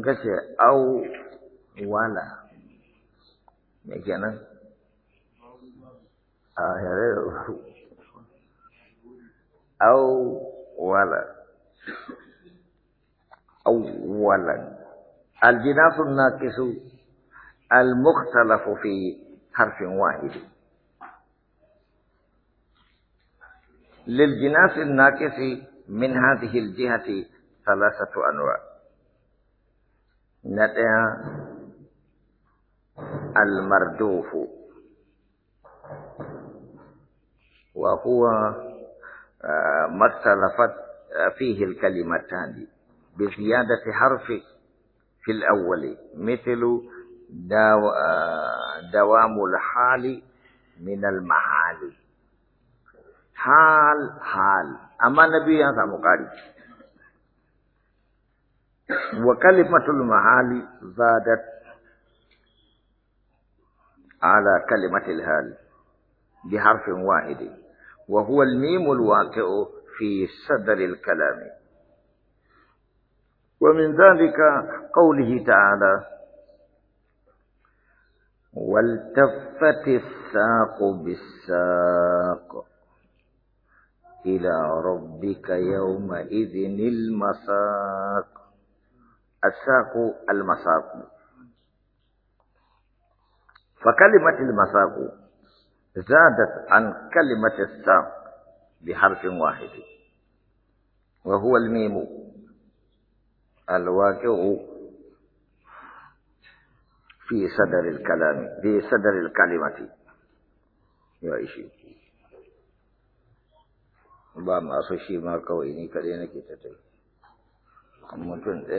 kace au wala me kenan ah yare au wala au wala الجناس الناقص المختلف في حرف واحد للجناس الناقص من هذه الجهة ثلاثة أنواع نتيا المردوف وهو آه، ما اختلفت آه، فيه الكلمتان بزيادة حرف في الأول مثل دو... آه، دوام الحال من المحال حال حال أما نبي هذا مقارب وكلمة المحال زادت على كلمة الهال بحرف واحد وهو الميم الواقع في صدر الكلام ومن ذلك قوله تعالى والتفت الساق بالساق إلى ربك يومئذ المساق الساق المساق فكلمة المساق زادت عن كلمة الساق بحرف واحد وهو الميم الواقع في صدر الكلام في صدر الكلمة يا إشي ba أصوشي ما كويني kawai ni kaɗai nake ta